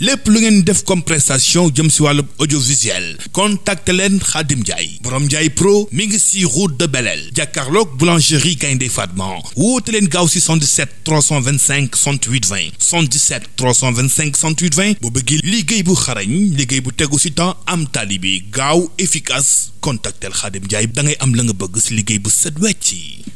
lepp lu ngeen def comme prestation jëm si wàllu audiovisuel contacte leen Khadim Ndiaye borom Ndiaye pro mi ngi si route de Belel jàkkaarloog boulangerie Gaynde fadman. woote leen gaaw si 77 325 68 20 77 325 68 20 boo liggéey bu xarañ liggéey bu tegu si temps am talibi, gau gaaw efficace contactel Khadim Ndiaye da ngay am la nga bëgg bu